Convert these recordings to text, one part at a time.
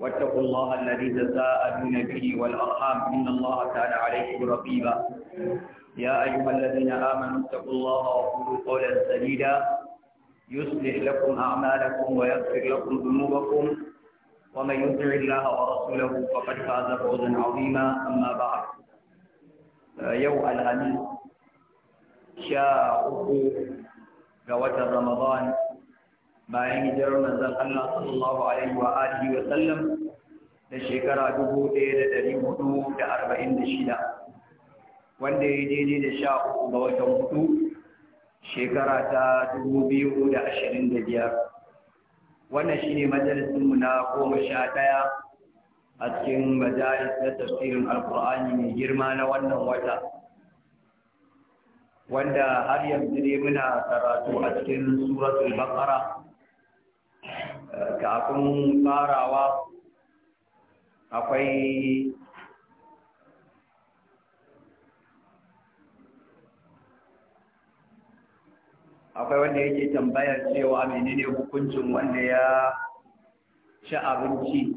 واتقوا الله الذي تساءلون به والأرحام إن الله كان عليكم رقيبا يا أيها الذين آمنوا اتقوا الله وقولوا قولا سديدا يصلح لكم أعمالكم ويغفر لكم ذنوبكم ومن يطع الله ورسوله فقد فاز فوزا عظيما أما بعد يوم الغني شاء أخو رمضان bayan hijirar manzon Allah sallallahu alaihi wa alihi wa sallam da shekara 1446 wanda ya daidai da sha uku ga watan hudu shekara ta 2025 wannan shine majalisinmu na goma sha ɗaya a cikin majalis na tafsirin alkur'ani mai girma na wannan wata wanda har yanzu ne muna karatu a cikin suratul baqara kafin farawa akwai akwai wanda yake tambayar cewa menene hukuncin wanda ya ci abinci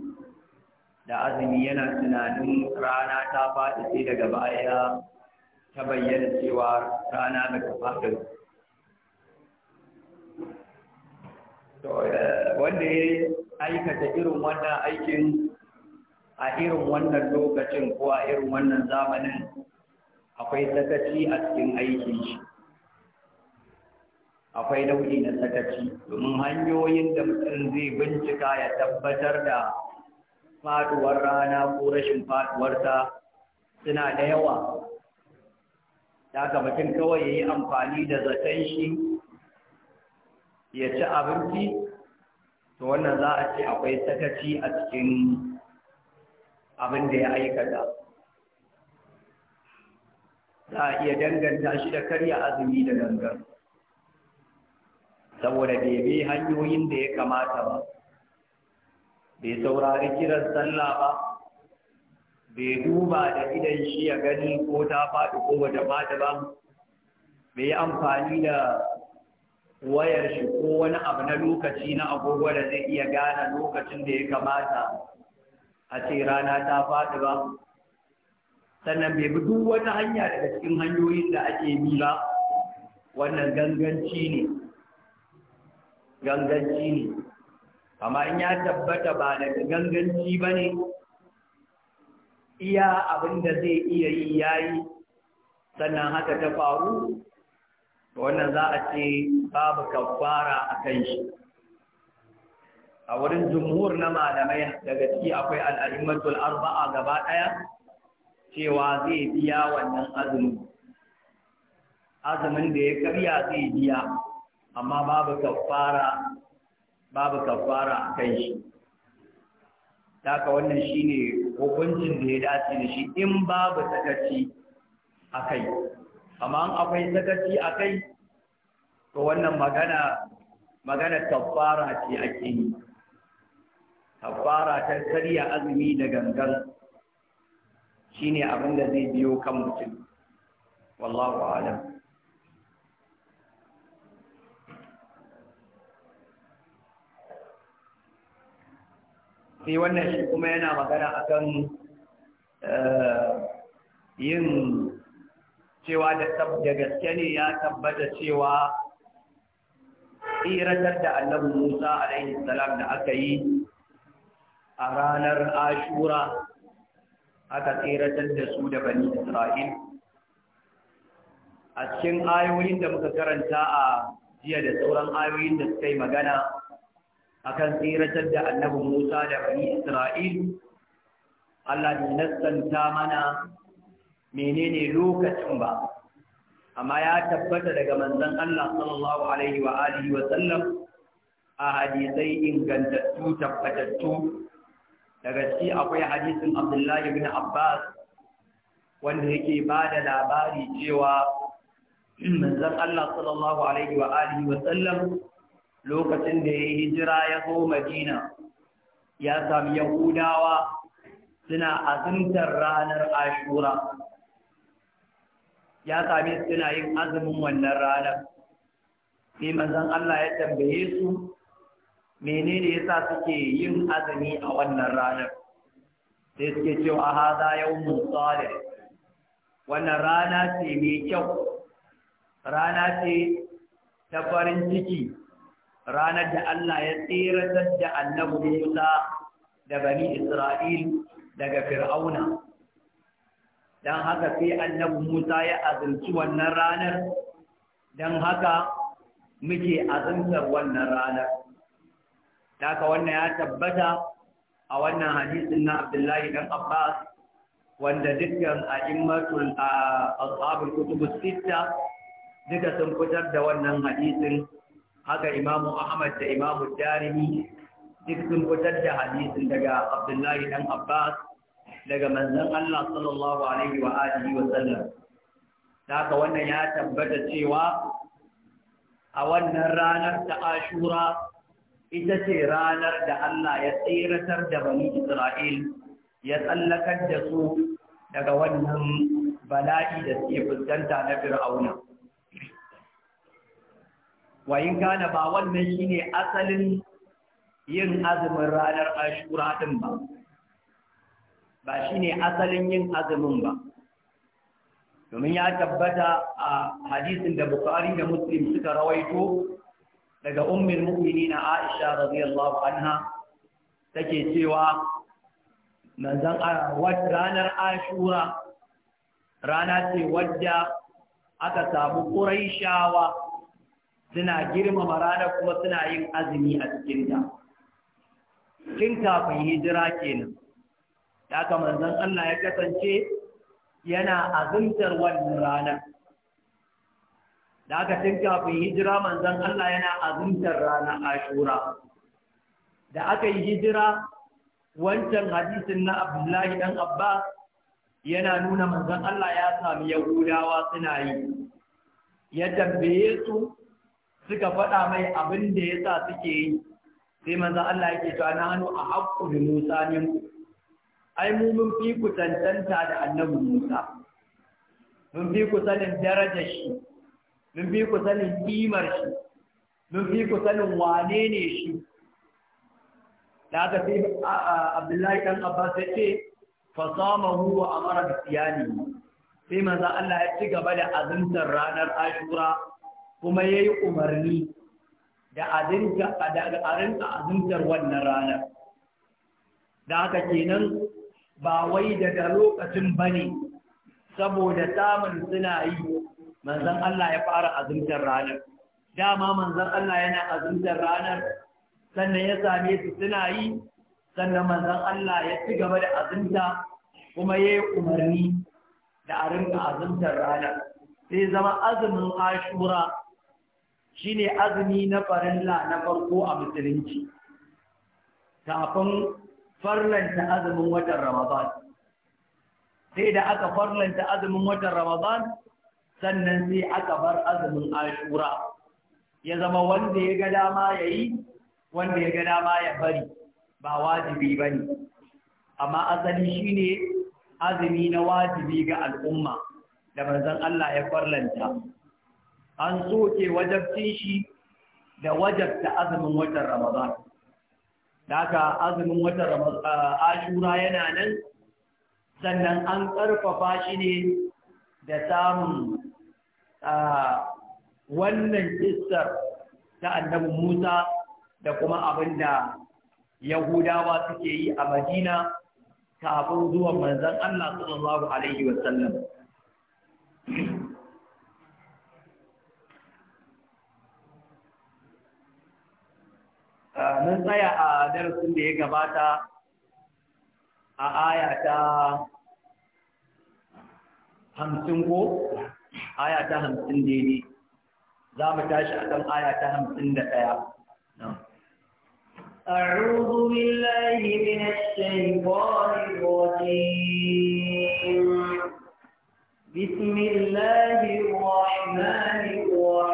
da azumi yana tunanin rana ta faɗi sai daga baya ta bayyana cewa rana da ta eh, wanda ya aikata irin wannan aikin a irin wannan lokacin ko a irin wannan zamanin akwai sakaci a cikin aikin shi akwai nau'i na sakaci domin hanyoyin da mutum zai bincika ya tabbatar da faduwar rana ko rashin faduwarta suna da yawa daga mutum kawai ya yi amfani da zaton shi ya ci abinci to wannan za a ce akwai sakaci a cikin abin da ya aikata za a iya danganta shi da karya azumi da gangar saboda bebe hanyoyin da ya kamata ba bai saurari kiran sallah ba bai duba da idan shi ya gani ko ta faɗi ko bata faɗi ba bai amfani da wayar shi ko wani abu na lokaci na agogo da zai iya gane lokacin da ya kamata a ce rana ta faɗi ba sannan bai bi duk wata hanya daga cikin hanyoyin da ake bi ba wannan ganganci ne ganganci ne amma in ya tabbata ba da ganganci ba ne iya abin da zai iya yi yayi sannan haka ta faru wannan za a ce babu kafara a kan shi a wurin jumhur na malamai daga ciki akwai al'aimmatul arba'a gaba ɗaya cewa zai biya wannan azumi azumin da ya karya zai biya amma babu kafara babu kafara a kan shi haka wannan shine hukuncin da ya dace da shi in babu sakaci a kai amma akwai sakaci a kai to wannan magana magana tabbara ce ake yi tabbara ta karya azumi da gangan shine abin da zai biyo kan mutum wallahu alam sai wannan shi kuma yana magana akan eh, yin cewa da gaske ne ya tabbata cewa tsiratar da annabi Musa alaihi salam da aka yi a ranar Ashura aka tsiratar da su da bani Isra'il a cikin ayoyin da muka karanta a jiya da sauran ayoyin da suka yi magana akan tsiratar da annabi Musa da bani Isra'il Allah ne nassanta mana menene lokacin ba amma ya tabbata daga manzan Allah sallallahu alaihi wa alihi wa sallam a hadisai ingantattu tabbatattu daga ci akwai hadisin Abdullahi bin Abbas wanda yake ba da labari cewa manzan Allah sallallahu alaihi wa alihi wa sallam lokacin da ya yi hijira ya zo Madina ya sami Yahudawa suna azumtar ranar Ashura ya sami suna yin azumin wannan ranar sai manzon Allah ya tambaye su menene yasa suke yin azumi a wannan ranar sai suke cewa yau mun salih wannan rana ce mai kyau rana ce ta farin ciki ranar da Allah ya tseratar da annabu Musa da bani Isra'il daga Fir'auna don haka sai annabi Musa ya azurci wannan ranar don haka muke azurtar wannan ranar haka wannan ya tabbata a wannan hadisin na Abdullahi dan Abbas wanda dukkan a'immatul ashabul kutubus sita duka sun fitar da wannan hadisin haka Imamu Ahmad da Imamu Darimi duk sun fitar da hadisin daga Abdullahi dan Abbas daga manzon Allah sallallahu alaihi wa alihi wa sallam wannan ya tabbata cewa a wannan ranar ta Ashura ita ce ranar da Allah ya tseratar da bani Isra'il ya tsallakar da su daga wannan bala'i da suke fuskanta na Fir'auna wayin kana ba wannan shine asalin yin azumin ranar Ashura din ba ba shi ne asalin yin azumin ba domin ya tabbata a hadisin da bukari da muslim suka rawaito daga ummin mu'mini na aisha radiyallahu anha take cewa manzan ranar ashura rana ce wadda aka samu ƙuraishawa suna girmama ranar kuma suna yin azumi a cikinta. Cin kafin hijira kenan. da aka manzon Allah ya kasance yana azumtar wannan rana. da aka tun kafin hijira manzan Allah yana azumtar rana ashura da aka yi hijira wancan hadisin na abdullahi dan abbas yana nuna manzan Allah ya sami yahudawa suna yi ya tambaye su suka faɗa mai abin da ya sa suke yi sai manzan Allah yake cewa na hannu a haƙƙu da musa ne ai mu mun fi ku tantanta da annabi Musa mun fi ku sanin darajar shi mun fi ku sanin kimar shi mun fi ku sanin wane ne shi da aka fi Abdullahi dan Abbas ya ce fa samahu wa amara bi siyani sai manzo Allah ya ci gaba da azumtar ranar Ashura kuma yayi umarni da azinta da azumtar wannan ranar da aka kenan ba wai daga lokacin bane saboda samun suna yi manzan Allah ya fara azumtar ranar dama manzan Allah yana azumtar ranar sannan ya same su suna yi sannan manzan Allah ya ci gaba da azumta kuma ya yi umarni da a rinka azumtar ranar sai zama azumin ashura shine azumi na farilla na farko a musulunci kafin farlanta azumin watan Ramadan sai da aka farlanta azumin watan Ramadan sannan sai aka bar azumin Ashura ya zama wanda ya ga dama yayi wanda ya ga dama ya bari ba wajibi ba ne, amma asali shine azumi na wajibi ga al'umma da manzon Allah ya farlanta an soke wajabcin shi da wajabta azumin watan Ramadan haka azumin wata ashura yana nan, sannan an ƙarfafa shi ne da samun wannan kistar ta annabi Musa da kuma abin da Yahudawa suke yi a Madina kafin zuwan manzon Allah sallallahu Alaihi wasallam. Ah, mun tsaya a darasin da ya gabata a aya ta hamsin ko aya ta hamsin daidai za mu tashi a kan aya ta hamsin da ɗaya أعوذ بالله من الشيطان الرجيم بسم الله الرحمن الرحيم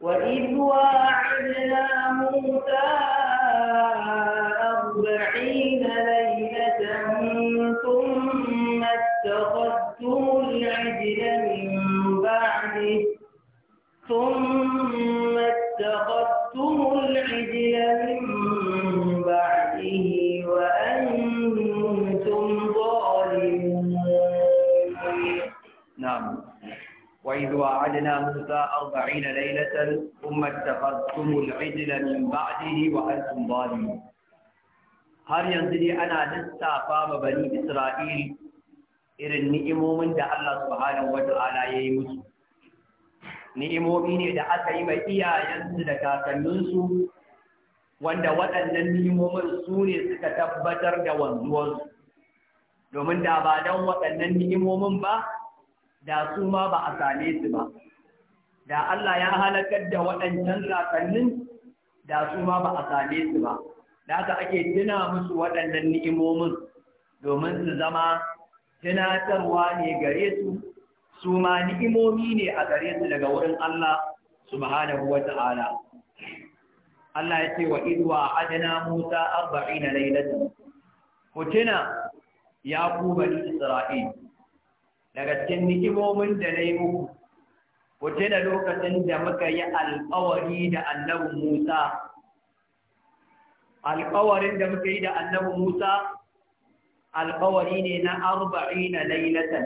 وإذ واعدنا موسى أربعين وإذ وعدنا موسى أربعين ليلة ثم اتخذتم العجل من بعده وأنتم ظالمون har yanzu dai ana lissafa ma bani Isra'il irin ni'imomin da Allah subhanahu wa ta'ala ya yi musu. Ni'imomi ne da aka yi mai iyayensu da kakanninsu wanda waɗannan ni'imomin su ne suka tabbatar da wanzuwarsu. Domin da ba don waɗannan ni'imomin ba, da su ma ba a same su ba da Allah ya halakar da waɗancan rakannin da su ma ba a same su ba da haka ake tuna musu waɗannan ni'imomin domin su zama tunatarwa ne gare su su ma ni'imomi ne a gare su daga wurin Allah subhanahu wa ta'ala Allah ya ce wa idwa adana Musa 40 lailatan ku tuna ya ku bani Isra'il daga cikin ni'imomin da na yi muku ku tuna lokacin da muka yi alƙawari da annabi Musa alƙawarin da muka yi da annabi Musa alƙawari ne na arba'i na lailatan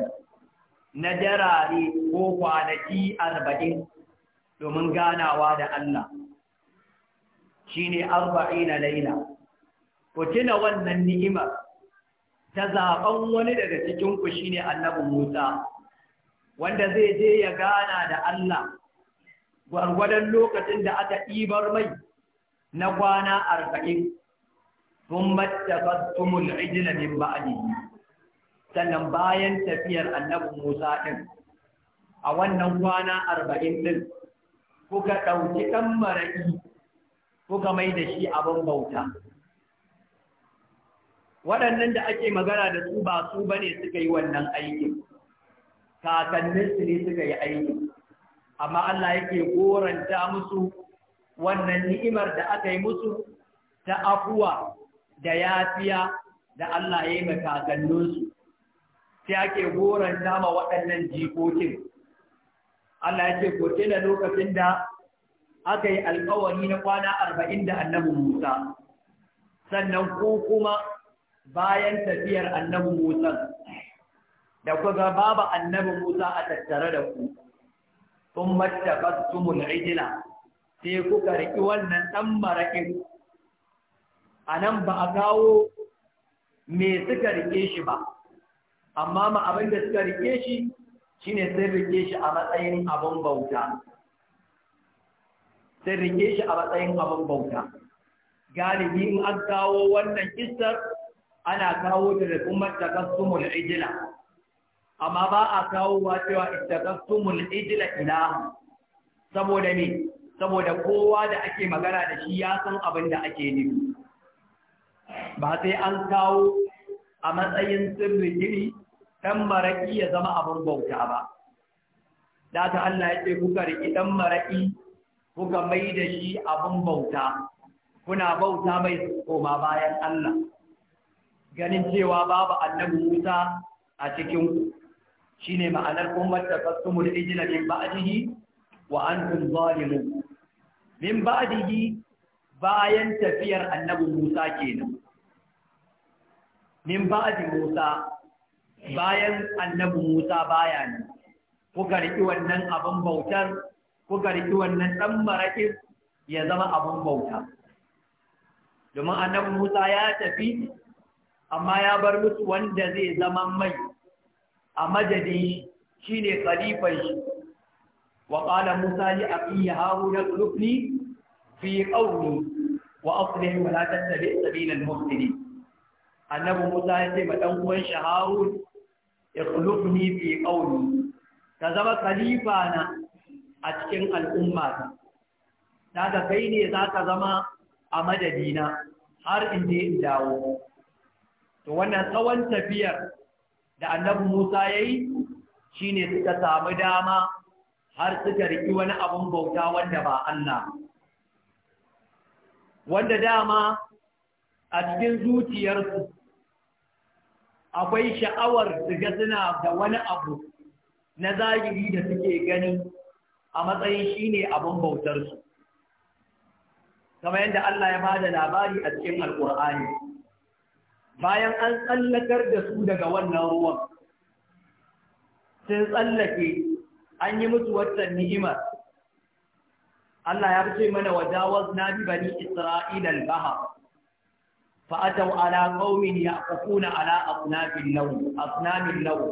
na jarare ko kwanaki arba'in domin ganawa da Allah shi ne arba'i na laila ku tuna wannan ni'imar ta zaɓan wani daga cikin ku ne annabi Musa wanda zai je ya gana da Allah gwargwadon lokacin da aka ɗibar mai na kwana arba'in sun mattafattumul ijila min ba'adi sannan bayan tafiyar annabi Musa ɗin a wannan kwana arba'in ɗin kuka ɗauki ɗan mara'i, kuka mai da shi abin bauta. waɗannan da ake magana da su ba su bane suka yi wannan aikin kakanninsu ne suka yi aikin amma Allah yake goranta musu wannan ni'imar da aka yi musu ta afuwa da yafiya da Allah ya yi makakanninsu sai ake goranta ma waɗannan jikokin Allah ya ce ko lokacin da aka yi alƙawari na kwana arba'in da annabi Musa sannan ko kuma bayan tafiyar annabi Musa da ku ga babu annabi Musa a tattare da ku kun mattaqastumul ijla sai kuka riki wannan dan marakin anan ba a kawo me suka rike shi ba amma ma abin da suka rike shi shine sun rike shi a matsayin abin bauta sun rike shi a matsayin abin bauta galibi in an kawo wannan kistar ana kawo da kuma takasumul ijila amma ba a kawo wa cewa takasumul ijila ilaha saboda ne, saboda kowa da ake magana da shi ya san abin da ake nufi ba sai an kawo a matsayin sirri gini ɗan maraƙi ya zama abin bauta ba da ta Allah ya ce kuka riƙi ɗan maraƙi kuka mai da shi abin bauta kuna bauta mai koma bayan Allah ganin cewa babu annabi Musa a cikin ku shine ma'anar ummar da fasumul ijla min ba'dihi wa antum zalimun min ba'dihi bayan tafiyar annabi Musa kenan min ba'di Musa bayan annabi Musa baya ne kuka riki wannan abin bautar kuka riki wannan dan maraƙin ya zama abin bauta domin annabi Musa ya tafi amma ya bar musu wanda zai zama mai a majadi shi ne khalifan wa qala musa li aqihi harun qulubni fi qawli wa aslih wa la tattabi sabila al-mufsidin annabi musa ya ce ma dan uwan shi harun ikhlufni fi qawli ka zama khalifa na a cikin al'umma ta da kai ne za ka zama a madadina har inda in dawo to wannan tsawon tafiyar da annabi Musa ya yi shi ne suka samu dama har suka riki wani abin bauta wanda ba Allah. Wanda dama a cikin zuciyarsu akwai sha'awar su ga suna da wani abu na zahiri da suke gani a matsayin shi ne abin bautarsu. Kama yadda Allah ya ba da labari a cikin Al'ur'ani. bayan an tsallakar da su daga wannan ruwan sun tsallake an yi musu wata ni'imar Allah ya fi mana wa jawaz na bi bani Isra'ila al-baha fa ataw ala qaumin yaqfuna ala asnafil law asnamil law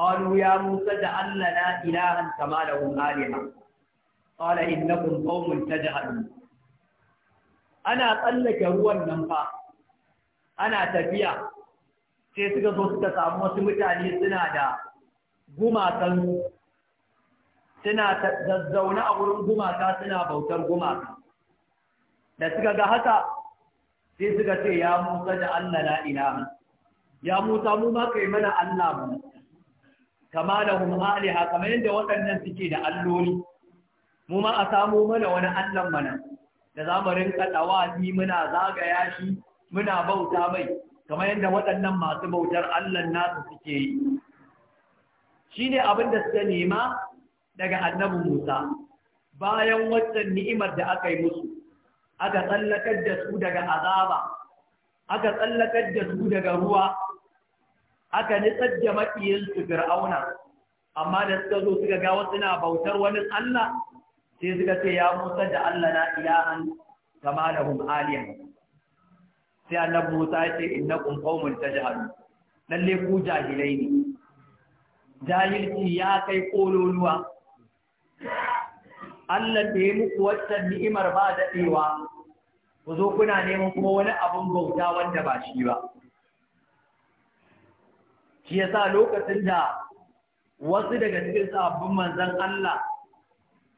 qalu ya musa ja'al lana ilahan kama lahum aliha qala innakum qaumun tajhalun ana tsallake ruwan nan fa ana tafiya sai suka zo suka samu wasu mutane suna da gumakan suna zazzauna a wurin gumaka suna bautar gumaka da suka ga haka sai suka ce ya musa da Allah la ilaha ya musa mu ma kai mana Allah mu kama da hum aliha kamar yadda waɗannan suke da alloli mu ma a samu mana wani Allah mana da za mu rinka dawazi muna zagaya shi muna bauta mai kamar yadda waɗannan masu bautar Allah nasu suke yi shi ne abin da suka nema daga annabin Musa bayan waccan ni'imar da aka yi musu aka tsallakar da su daga azaba aka tsallakar da su daga ruwa aka nitsar da su fir'auna amma da suka zo suka ga wasu na bautar wani Allah sai suka ce ya musa da Allah na ilahan kama da hum aliyan sai annabi Musa ya ce innakum qaumun tajhalun lalle ku jahilai ne jahilci ya kai kololuwa Allah da ya muku wata ni'imar ba daɗewa ku zo kuna neman kuma wani abun bauta wanda ba shi ba shi yasa lokacin da wasu daga cikin sabbin manzon Allah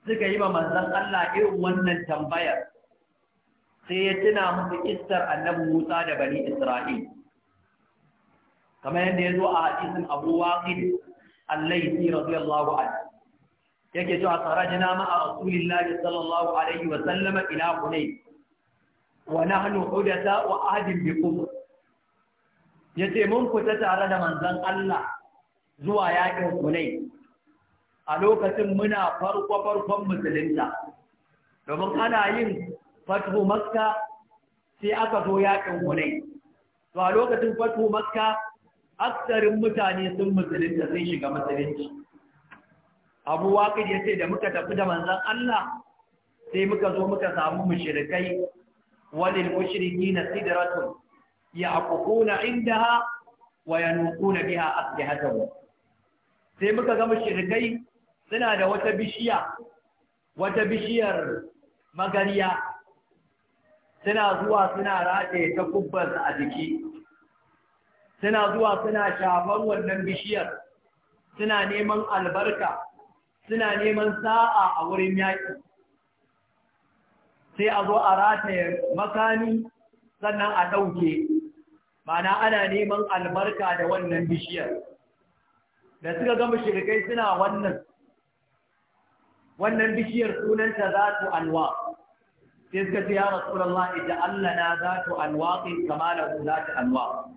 suka yi wa manzon Allah irin wannan tambayar sai ya tuna musu kissar annabi Musa da bani Isra'il kamar yadda ya zo a hadisin Abu Waqid al-Laythi radiyallahu anhu yake cewa kharajna ma'a rasulillahi sallallahu alaihi wa sallam ila Hunayn wa nahnu hudatha wa ahdin bikum yace mun fita tare da manzon Allah zuwa yakin Hunayn a lokacin muna farko farkon musulunta domin ana yin fatuhu makka sai aka zo yakin hunai to a lokacin fatuhu makka aksarin mutane sun musulunta sun shiga musulunci abu waƙi ya ce da muka tafi da manzan Allah sai muka zo muka samu mushrikai walil mushriki na sidratun ya inda ha wa yanquna biha aslihatahum sai muka ga mushrikai suna da wata bishiya wata bishiyar magariya suna zuwa suna rataye ta kubbansa a jiki suna zuwa suna shafan wannan bishiyar suna neman albarka suna neman sa'a a wurin yaƙi sai a zo a rataye makami sannan a ɗauke mana ana neman albarka da wannan bishiyar da suka gama shirkai suna wannan wannan bishiyar sunanta za su alwa sai suka ce ya rasulullah idan Allah na zatu alwaƙi kama la zatu anwaq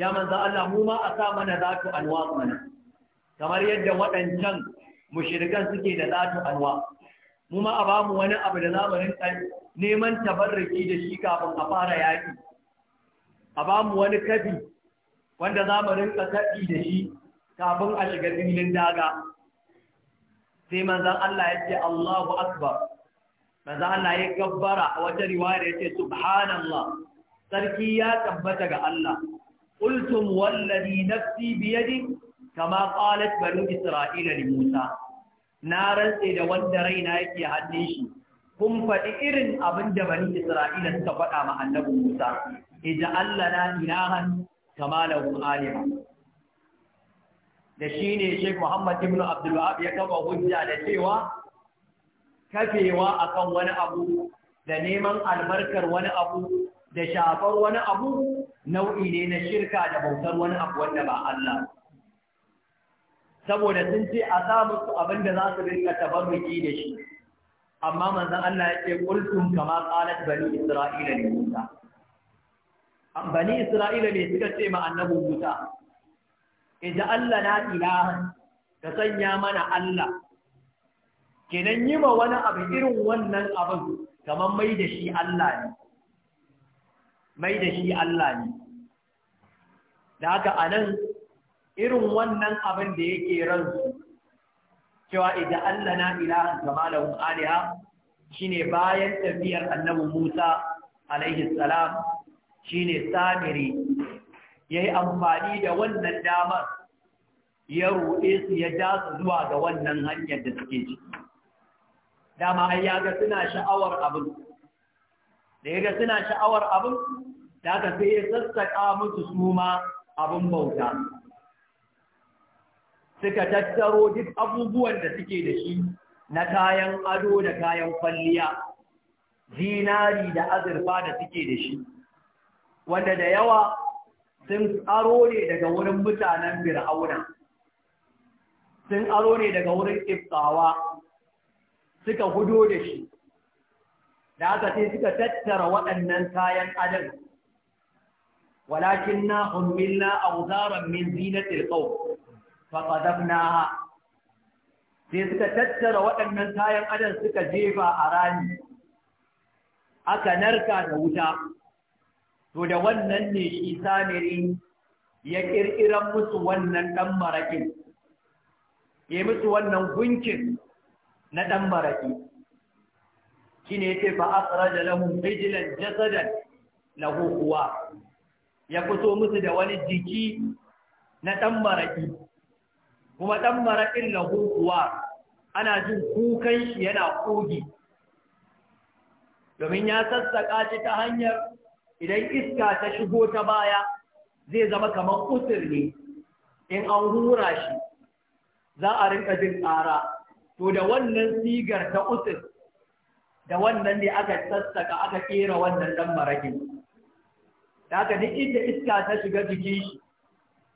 ya manza Allah mu ma a sa mana zatu anwaq mana kamar yadda waɗancan mushirikan suke da zatu anwaq mu ma a ba mu wani abu da zamanin neman tabarraki da shi kafin a fara yaƙi a ba mu wani kafi wanda za mu rinka kaɗi da shi kafin a shiga filin daga sai manzan Allah ya ce Allahu Akbar manzo Allah ya gabbara a wata riwaya yace subhanallah sarki ya tabbata ga Allah qultum wallazi nafsi bi kama qalat banu isra'ila li musa na rantse da wanda raina yake hannun shi kun faɗi irin abin da bani isra'ila suka faɗa ma annabi musa ija Allah na ilahan kama lahu alima da shine Sheikh Muhammad ibn Abdul ya kafa hujja da cewa kafewa akan wani abu da neman albarkar wani abu da shafar wani abu nau'i ne na shirka da bautar wani abu wanda ba Allah saboda sun ce a sa musu abin da za su rinka tabarruki da shi amma manzan Allah ya ce qultum kama qalat bani isra'ila li Musa bani isra'ila ne suka ce ma annabi Musa idza Allah na ilaha ka sanya mana Allah kenan yi ma wani abu irin wannan abin kamar mai da shi Allah ne mai da shi Allah ne da haka anan irin wannan abin da yake ransu cewa idan Allah na ilahan kama lahum shine bayan tafiyar annabi Musa alaihi salam shine samiri yayi amfani da wannan damar ya ruɗe su ya dasa zuwa ga wannan hanyar da suke ciki dama ai ya ga suna sha'awar abin da ya ga suna sha'awar abin da aka sai ya sassaƙa musu suma abin bauta suka tattaro duk abubuwan da suke da shi na kayan ado da kayan kwalliya zinari da azurfa da suke da shi wanda da yawa sun aro ne daga wurin mutanen fir'auna sun aro ne daga wurin iftawa suka hudo da shi da aka sai suka tattara waɗannan kayan adam walakin na hummilna auzaran min zinatil qaum fa qadabnaha sai suka tattara waɗannan kayan adam suka jefa a rami aka narka da wuta to da wannan ne shi samiri ya ƙirƙiran musu wannan ɗan marakin ya musu wannan gunkin na ɗan maraƙi shi ne ce fa da lahun rijlan jasadan na hukuwa ya fito musu da wani jiki na ɗan maraƙi kuma ɗan maraƙin na kuwa ana jin kukan shi yana kogi domin ya sassaƙa shi ta hanyar idan iska ta shigo ta baya zai zama kamar kusur ne in an hura shi za a rinka jin ƙara to da wannan sigar ta usus da wannan ne aka sassaka aka kera wannan ɗan marakin da aka duk inda iska ta shiga jikin shi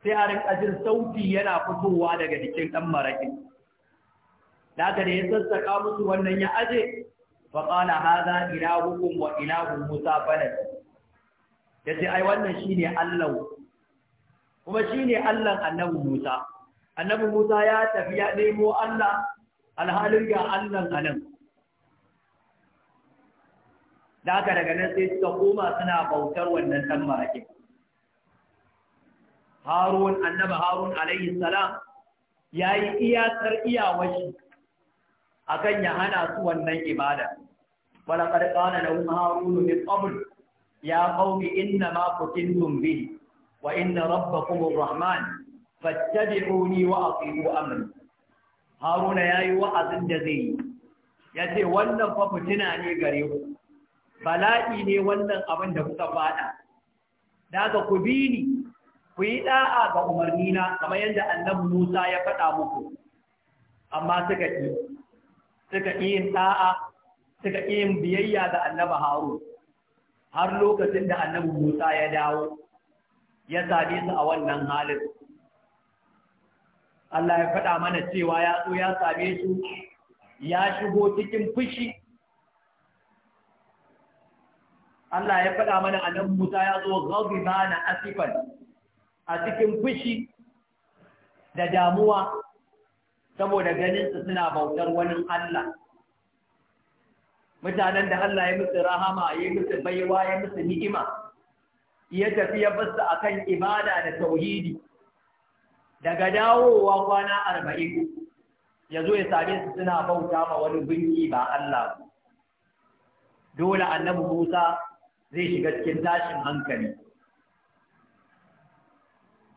sai a rinka jin sauti yana fitowa daga jikin ɗan marakin da aka da ya sassaka musu wannan ya aje fa qala ina ilahukum wa ina ilahu musa falak yace ai wannan shi ne Allah kuma shi ne Allah annabi Musa annabi Musa ya tafi ya nemo Allah alhalin ya Allah a nan da daga nan sai suka koma suna bautar wannan ɗan maraƙi harun annaba harun alaihi salam ya yi iyakar iyawashi a kan ya hana su wannan ibada walaƙar ƙana na wani harunu min ƙabul ya ƙaumi inna ma kutintum bihi wa inna rabbakumur rahman fattabi'uni wa aqimu amri haruna ya yi wa'azin da zai yi ya ce wannan fa ne gare ku bala'i ne wannan abin da kuka fada daga ku bi ni ku yi ɗa'a ga umarnina kamar yadda annabi Musa ya faɗa muku amma suka ƙi suka yin ɗa'a, suka yin biyayya ga annabi Harun har lokacin da annabi Musa ya dawo ya same su a wannan halin Allah ya faɗa mana cewa ya tso ya same su ya shigo cikin fushi Allah ya faɗa mana a nan Musa ya zo ghadiba na asifan a cikin fushi da damuwa saboda ganin su suna bautar wani Allah mutanen da Allah ya musu rahama ya musu baiwa ya musu ni'ima ya tafi ya basu akan ibada da tauhidi daga dawowa kwana arba'in ya zo ya same su suna bauta ma wani gunki ba Allah dole annabi Musa zai shiga cikin tashin hankali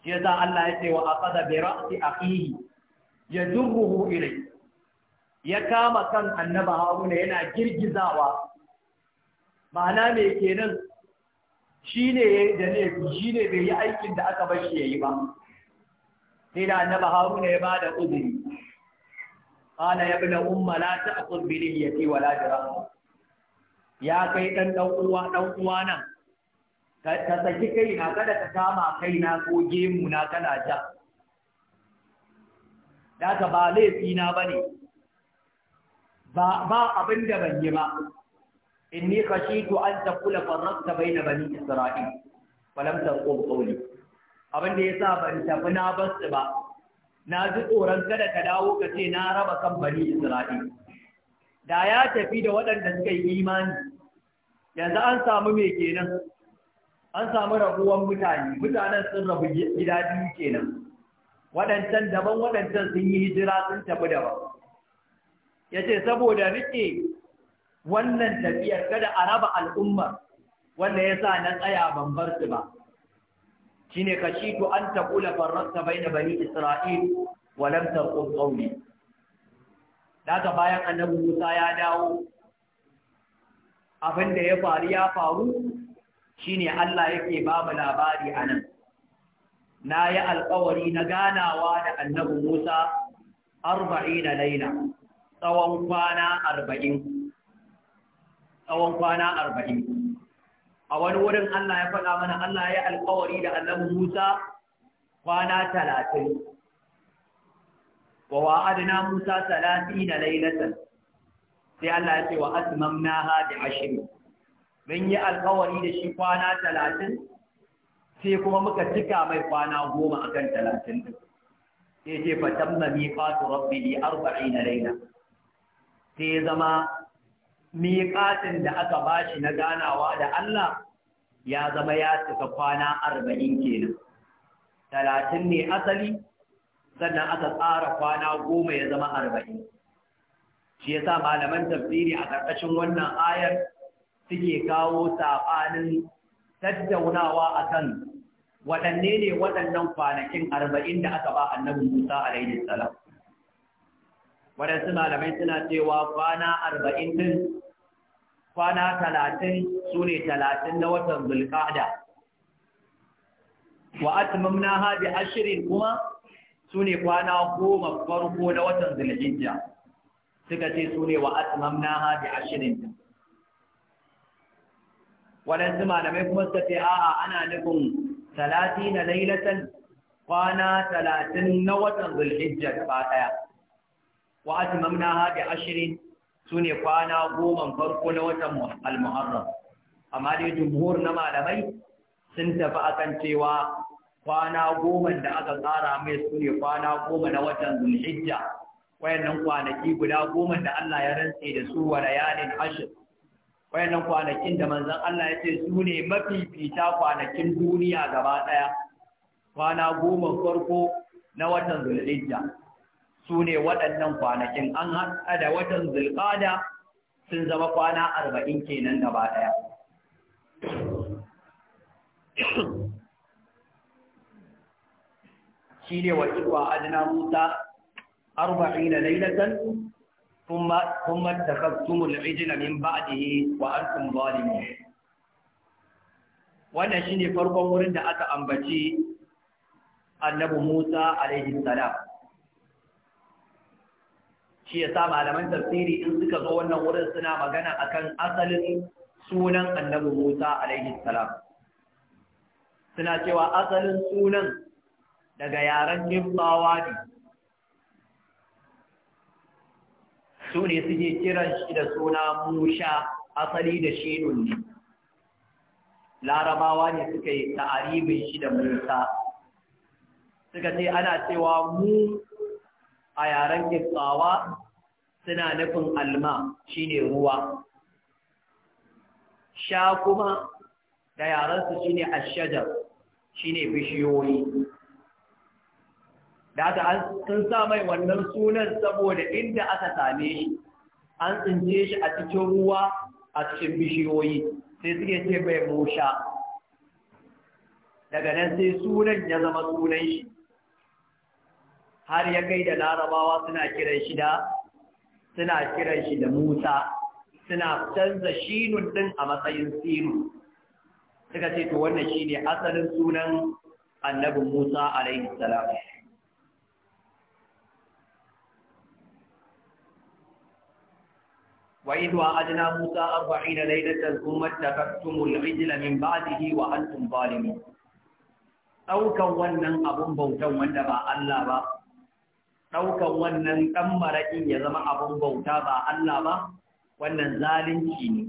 shi yasa Allah ya ce wa aqada bi ra'si akhihi yadurruhu ilay ya kama kan annabi Haruna yana girgizawa ma'ana me kenan shine da ne shine bai yi aikin da aka bar shi yayi ba sai da annaba haruna ya bada uzuri qala ya bina umma la ta'khudh bi lihiyati wala dirham ya kai dan dan uwa dan uwa nan ka saki kai na kada ka kama kai na ko gemu na kana ja ka ba laifi na bane ba ba abin da ban yi ba inni khashitu an taqula farraqta bayna bani isra'il falam taqul qawli abin da ya sa ban tafi na basu ba na ji tsoron kada ka dawo ka ce na raba kan bani isra'ila da ya tafi da waɗanda suka yi imani yanzu an samu mai kenan an samu rabuwan mutane mutanen sun rabu gida biyu kenan waɗancan daban waɗancan sun yi hijira sun tafi daban ya ce saboda riƙe wannan tafiyar kada a raba al'ummar wanda ya sa na tsaya ban bar su ba shine kashitu an taqula farrasta baina bani isra'il wa lam tarqub qawli daga bayan annabi Musa ya dawo abin da ya faru ya faru shine Allah yake ba mu labari anan na yi alƙawari na ganawa da annabi Musa arba'ina laila tsawon kwana tsawon kwana arba'in a wani wurin Allah ya faɗa mana Allah ya alƙawari da annabi Musa kwana talatin wa wa'adna Musa talatin na lailatan sai Allah ya ce wa atmamnaha bi ashri mun yi alƙawari da shi kwana talatin sai kuma muka cika mai kwana goma akan talatin din sai ce fa tamma miqatu rabbi li arba'ina laila sai zama miƙatin da aka bashi na ganawa da Allah ya zama ya cika kwana arba'in kenan talatin ne asali sannan aka tsara kwana goma ya zama arba'in shi ya sa malaman tafsiri a ƙarƙashin wannan ayar suke kawo saɓanin tattaunawa a kan waɗanne ne waɗannan kwanakin arba'in da aka ba annabin musa a rai salam waɗansu malamai suna cewa kwana arba'in din kwana talatin su ne talatin na watan zulkada wa atmamna ha bi ashirin kuma su ne kwana goma farko na watan zulhijja suka ce su ne wa atmamna ha bi ashirin waɗansu malamai kuma suka ce a'a ana nufin talatin na lailatan kwana talatin na watan zulhijja gaba ɗaya wa atmamna ha bi ashirin su ne kwana goma farko na watan al amma dai jumhur na malamai sun tafi akan cewa kwana goma da aka tsara mai su ne kwana goma na watan zulhijja wayannan kwanaki guda goma da Allah ya rantse da su wa rayanin ashir wayannan kwanakin da manzon Allah ya ce su ne fita kwanakin duniya gaba daya kwana goma farko na watan zulhijja su ne waɗannan kwanakin an haɗa da watan zulƙada sun zama kwana arba'in kenan gaba ɗaya shi ne wa ikwa adina musa arba'in da lailatan ثم اتخذتم min من wa وأنتم ظالمون wannan shi ne farkon wurin da aka ambaci Annabu Musa alaihi salam shi ya yasa malaman tafsiri in suka zo wannan wurin suna magana akan asalin sunan annabi Musa alaihi salam suna cewa asalin sunan daga yaren Hibbawa ne su ne suke kiran shi da suna Musa, asali da shinun ne larabawa ne suka yi ta'aribin shi da Musa suka ce ana cewa mu a yaren kitsawa suna nufin alma shine ruwa sha kuma da yarensu shine ashajar shine bishiyoyi da aka sun sa mai wannan sunan saboda inda aka same shi an tsince shi a cikin ruwa a cikin bishiyoyi sai suke ce mai musha daga nan sai sunan ya zama sunan shi har ya gai da larabawa suna kiran shi da suna kiran shi da Musa suna canza shinun din a matsayin sinu suka ce to wannan shine asalin sunan annabi Musa alaihi salam wa idu ajna Musa 40 lailatan kuma tafattumul ijla min ba'dihi wa antum zalimin ɗaukan wannan abun bautan wanda ba Allah ba ɗaukan wannan ɗan maraƙin ya zama abin bauta ba Allah ba wannan zalunci ne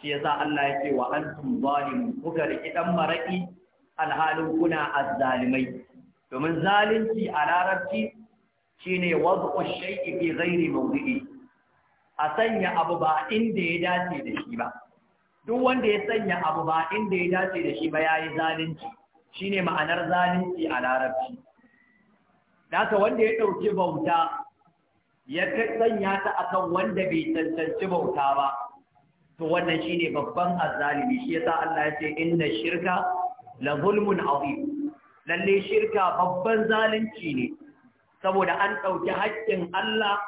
shi yasa Allah ya ce wa antum zalimun kuka riki ɗan maraƙi alhalin kuna azzalimai domin zalunci a larabci shine wasu shay'i fi ghairi mawdi'i a sanya abu ba inda ya dace da shi ba duk wanda ya sanya abu ba inda ya dace da shi ba yayi zalunci shine ma'anar zalunci a larabci haka wanda ya ɗauki bauta ya sanya ta akan wanda bai tantance bauta ba to wannan shi ne babban azalimi shi ya sa Allah ya ce inna shirka la zulmun azim lalle shirka babban zalunci ne saboda an ɗauki haƙƙin Allah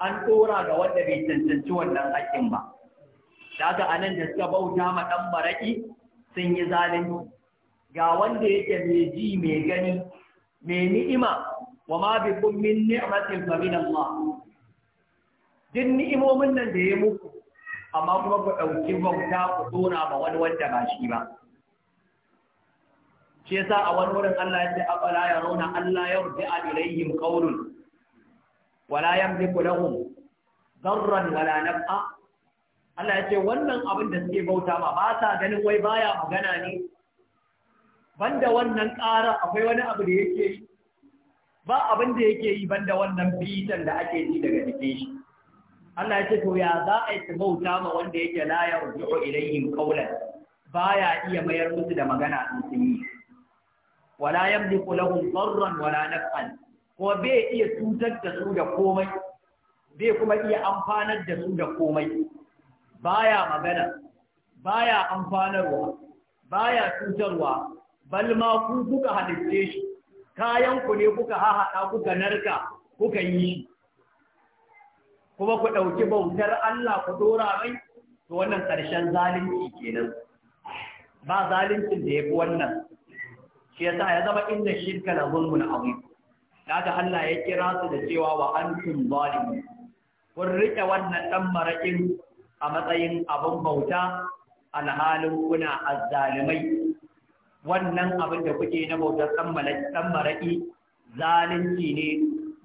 an ɗora ga wanda bai tantance wannan haƙƙin ba daga anan da suka bauta ma ɗan baraki sun yi zalunci ga wanda yake mai ji mai gani mai ni'ima wa ma kun min ni'matin fa min Allah ni ni'imomin nan da ya muku amma kuma ku ɗauki bauta ku tona ma wani wanda ba shi ba shi yasa a wani wurin Allah ya ce afala rona Allah a ilayhim qawlun wala yamliku lahum darran wala naf'a Allah ya ce wannan abin da suke bauta ma ba sa ganin wai baya magana ne banda wannan ƙara akwai wani abu da yake yi ba abin da yake yi banda wannan bitan da ake ji daga jikin shi Allah ya ce to ya za a yi bauta ma wanda yake la ya rujo ilayhim qawlan baya iya mayar musu da magana in sun yi wala yamliku lahum darran wala naf'an ko bai iya cutar da su da komai bai kuma iya amfanar da su da komai baya magana baya amfanarwa baya cutarwa bal ma ku kuka halitte shi kayan ku ne kuka hahaɗa kuka narka kuka yi kuma ku ɗauki bautar Allah ku dora mai to wannan ƙarshen zalunci kenan ba zaluncin da ya fi wannan shi yasa ya zama inda shirka na zulmun azim kaga Allah ya kira su da cewa wa antum zalimun kun riƙe wannan dan maraƙin a matsayin abin bauta alhalin kuna azzalimai wannan abin da kuke na bautar ɗan maraƙi zalunci ne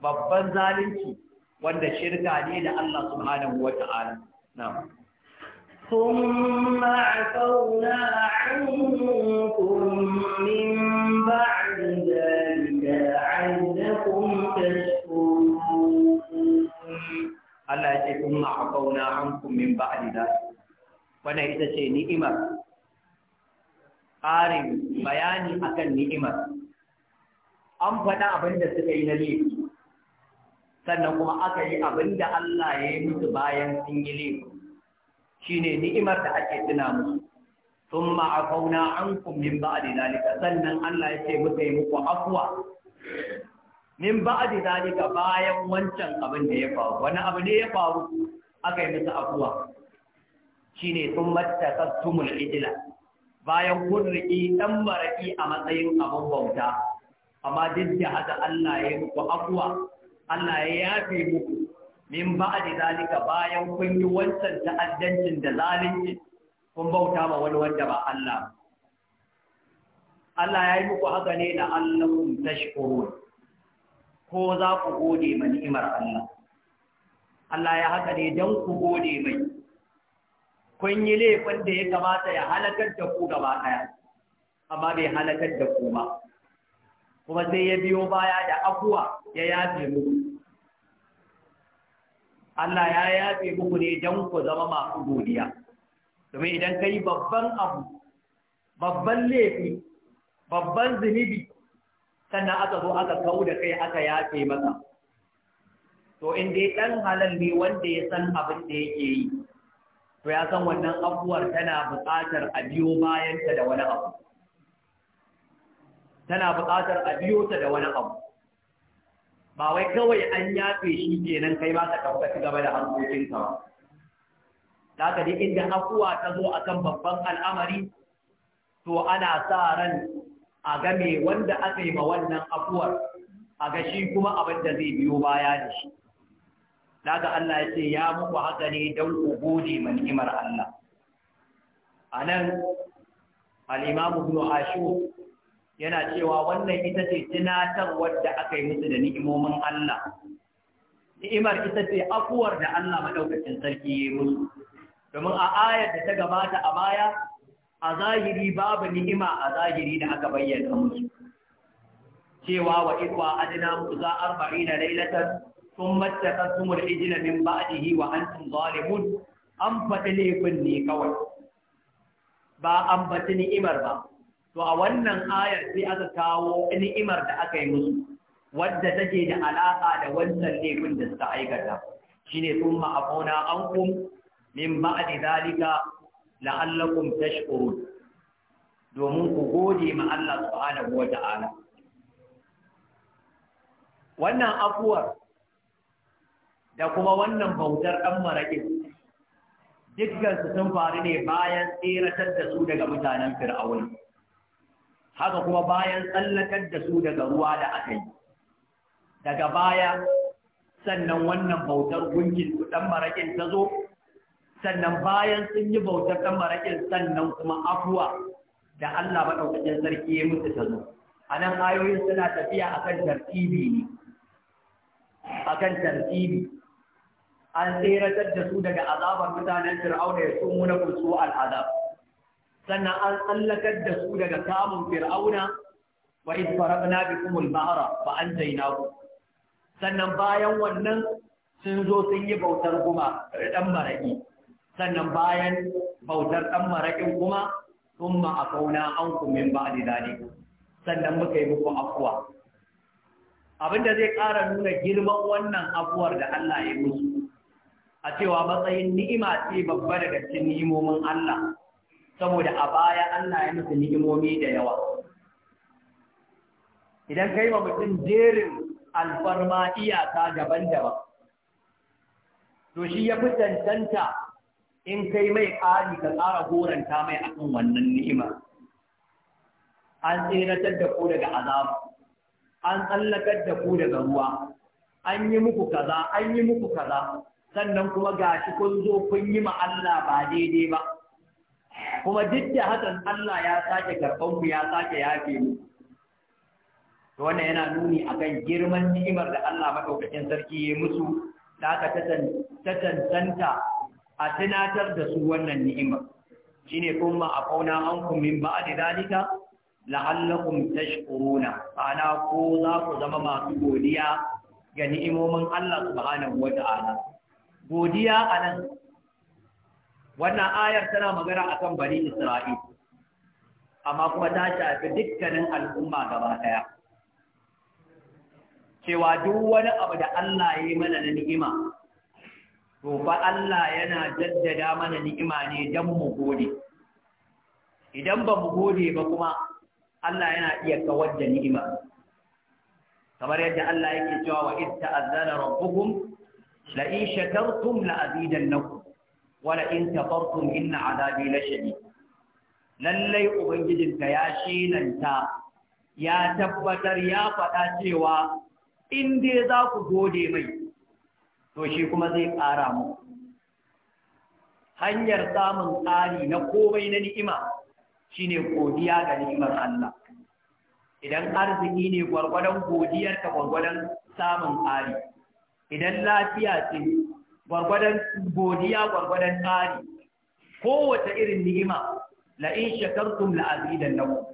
babban zalunci wanda shirka ne da Allah subhanahu wa ta'ala na ثم عفونا عنكم من بعد ذلك لعلكم تشكرون الله يقول ثم عفونا عنكم من بعد ذلك wannan ita ce ni'imar ƙarin bayani akan ni'imar an faɗa abin da suka yi na laifi sannan kuma aka yi abin da Allah ya yi musu bayan sun yi laifi ne ni'imar da ake tuna musu ثم an عنكم ba a ذلك sannan Allah ya ce muka yi muku afuwa. min ba a zalika bayan wancan abin da ya faru wani abu ne ya faru aka yi musu afuwa. Shi ne sun mata kastumul ijla bayan kun riƙi ɗan maraƙi a matsayin abin bauta amma duk da haka Allah ya yi muku abuwa, Allah ya yafe muku min ba da zalika bayan kun yi wancan ta'addancin da zalunci kun bauta ma wani wanda ba Allah Allah ya yi muku haka ne da Allahun tashkuru. ko za ku gode ma ni'imar Allah Allah ya haka ne don ku gode mai kun yi laifin da ya kamata ya halakar da ku gaba ɗaya amma bai halakar da ku ba kuma sai ya biyo baya da akuwa ya yafe muku Allah ya yafe muku ne don ku zama masu godiya domin idan ka yi babban abu babban laifi babban zunubi sannan aka zo aka kawo da kai aka yafe maka to inda dai ɗan halal ne wanda ya san abin da yake yi to ya san wannan abuwar tana buƙatar a biyo bayanta da wani abu tana buƙatar a biyo ta da wani abu ba wai kawai an yafe shi kenan kai ba ka tabbaci gaba da harkokinka ba za ka ji inda afuwa ta zo akan babban al'amari to ana sa ran a game wanda aka yi ma wannan afuwar a ga shi kuma abin da zai biyo baya da shi daga Allah ya ce ya muku haka ne don ubudi man imar Allah anan al-imam ibn ashur yana cewa wannan ita ce tunatarwar da aka yi musu da ni'imomin Allah ni'imar ita ce afuwar da Allah madaukakin sarki ya yi musu domin a ayar da ta gabata a baya a zahiri babu ni'ima a zahiri da aka bayyana musu cewa wa ikwa adina musa arba'ina lailatan sun mattaka sumur ijila min ba'dihi wa antum zalimun an fata laifin ne kawai ba an fata ni'imar ba to a wannan ayar sai aka kawo ni'imar da aka yi musu wadda take da alaƙa da wannan laifin da suka aikata shine thumma an ankum min ba'di zalika la'allakum tashkurun domin ku gode ma Allah subhanahu wa ta'ala wannan afuwar da kuma wannan bautar ɗan maraƙin dukkansu sun faru ne bayan tseratar da su daga mutanen fir'aun haka kuma bayan tsallakar da su daga ruwa da aka yi daga baya sannan wannan bautar gungin ɗan maraƙin ta zo sannan bayan sun yi bautar ɗan maraƙin sannan kuma afuwa da Allah maɗaukacin sarki ya mutu ta zo a nan ayoyin suna tafiya akan tartibi ne kan tartibi an tseratar da su daga azabar mutanen fir'auna ya sumu na kusu al'azab sannan an tsallakar da su daga samun fir'auna wa iz farabna bikum al-bahra fa ku sannan bayan wannan sun zo sun yi bautar kuma dan maraki sannan bayan bautar dan marakin kuma thumma akauna ankum min ba'di dhalik sannan muka yi muku afwa abinda zai ƙara nuna girman wannan afuwar da Allah ya musu a cewa matsayin ni'ima ce babba daga cikin ni'imomin Allah saboda a baya Allah ya musu ni'imomi da yawa idan kai ma mutum jerin alfarma iyaka daban-daban to shi ya fi tantanta in kai mai ƙari ka tsara horanta mai akan wannan ni'ima an tseratar da ku daga azabu an tsallakar da ku daga ruwa an yi muku kaza an yi muku kaza sannan kuma ga shi kun zo kun yi ma Allah ba daidai ba kuma duk da hakan Allah ya sake karɓan mu ya sake yafe mu to wannan yana nuni akan girman ni'imar da Allah madaukakin sarki ya musu da aka ta tantanta a tunatar da su wannan ni'imar shine kuma a fauna ankum min ba'di zalika la'allakum tashkuruna ana ko za ku zama masu godiya ga ni'imomin Allah subhanahu wata'ala godiya a nan wannan ayar tana magana akan bari Isra'il amma kuma ta shafi dukkanin al'umma gaba ɗaya cewa duk wani abu da Allah ya yi mana na ni'ima to fa Allah yana jaddada mana ni'ima ne don mu gode idan ba mu gode ba kuma Allah yana iya kawar da ni'ima kamar yadda Allah yake cewa wa ita azana rabbukum la'in shakartum la'azidan naku wala in kafartum inna azabi lashadid lallai ubangijinka ya shenanta, ya tabbatar ya faɗa cewa in dai za ku gode mai to shi kuma zai ƙara mu hanyar samun tsari na komai na ni'ima shine godiya ga ni'imar Allah idan arziki ne gwargwadon godiyar godiyarka gwargwadon samun tsari idan lafiya ce gwargwadon godiya gwargwadon tsari kowace irin ni'ima la in shakartum la azidan lakum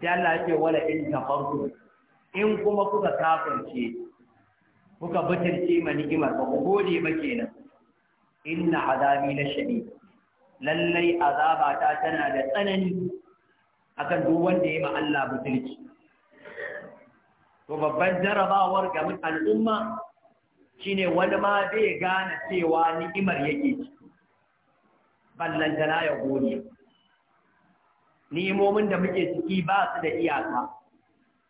sai Allah ce wala in kafartum in kuma kuka kafirce kuka butulce ma ni'imar ba ku gode ba kenan inna azabi la shadid lallai azaba ta tana da tsanani akan duk wanda ya ma Allah butulci to babban jarabawar ga al'umma shine wani ma zai gane cewa ni'imar yake ballan jana ya gode ni'imomin da muke ciki ba su da iyaka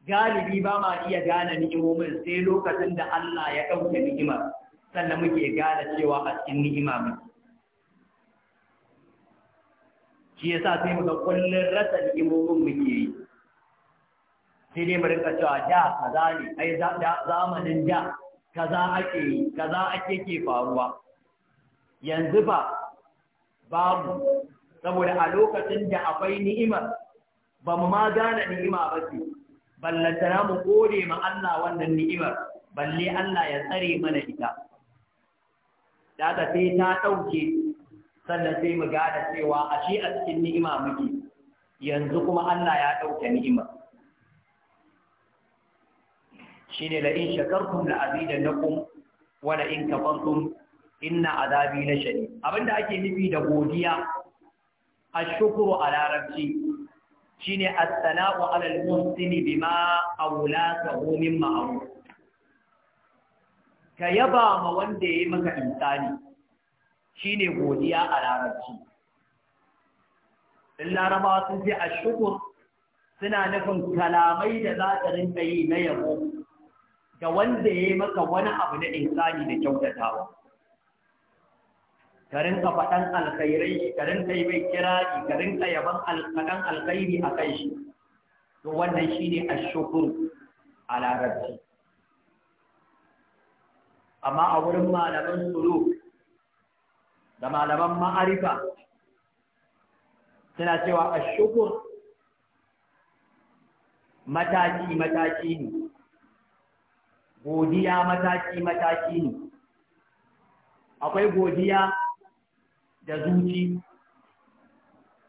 galibi ba ma iya gane ni'imomin sai lokacin da Allah ya ɗauke ni'imar sannan muke gane cewa a cikin ni'ima mai shi yasa sai muka kullun rasa ni'imomin muke yi sai dai mu rinka cewa da kaza ne ai zamanin da kaza ake kaza ake ke faruwa yanzu ba babu saboda a lokacin da akwai ni'imar ba mu ma gane ni'ima ba ce ballantana mu gode ma Allah wannan ni'imar balle Allah ya tsare mana ita da sai ta ɗauke sannan sai mu gane cewa ashe a cikin ni'ima muke yanzu kuma Allah ya ɗauka ni'imar shine la in shakartum la na wa la in kafartum inna azabi la shadid abinda ake nufi da godiya ashkuru a larabci shine as-sana'u 'ala al a bima awlakahu min ka yaba ma wanda ya yi maka insani shine godiya a larabci in larabawa sun ce ashkur suna nufin kalamai da za ka rinka yi na yabo ga wanda ya yi maka wani abu na insani da kyautatawa ka faɗan alkhairai ka yi mai garin ka yaban alkhairi a kai shi to wannan shine ashukuru a larabci amma a wurin malaman sulu da malaman ma'arifa suna cewa ashukur mataki mataki ne godiya mataki mataki ne akwai godiya da zuci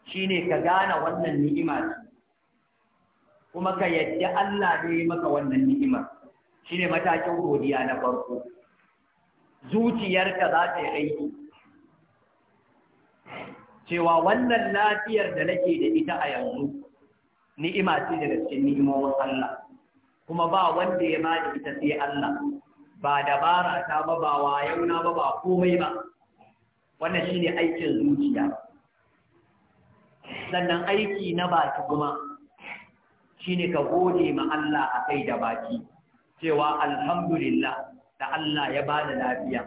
shine ka gane wannan ni'ima kuma ka yadda Allah ne maka wannan ni'ima shine matakin godiya na farko zuciyarka za ta yi aiki cewa wannan lafiyar da nake da ita a yanzu ni'ima ce da cikin ni'imomin Allah kuma ba wanda ya mani ita sai Allah ba dabara ta ba ba wayauna ba ba komai ba wannan shine aikin zuciya sannan aiki na baki kuma shine ka gode ma Allah a kai da baki cewa alhamdulillah da Allah ya bani lafiya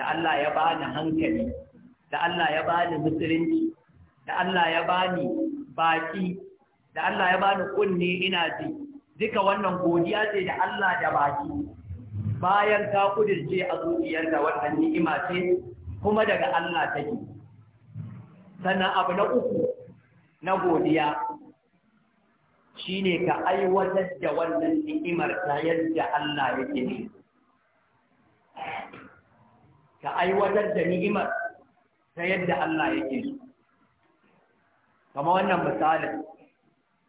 da Allah ya bani hankali da Allah ya bani musulunci da Allah ya bani baki da Allah ya bani kunne ina ji duka wannan godiya ce da Allah da baki bayan ka kudirce a zuciyar da wannan ni'ima ce kuma daga Allah take sannan abu na uku na godiya shine ka aiwatar da wannan ni'imar ta yadda Allah yake ne ka aiwatar da ni'imar ta yadda Allah yake ne Kamar wannan misalin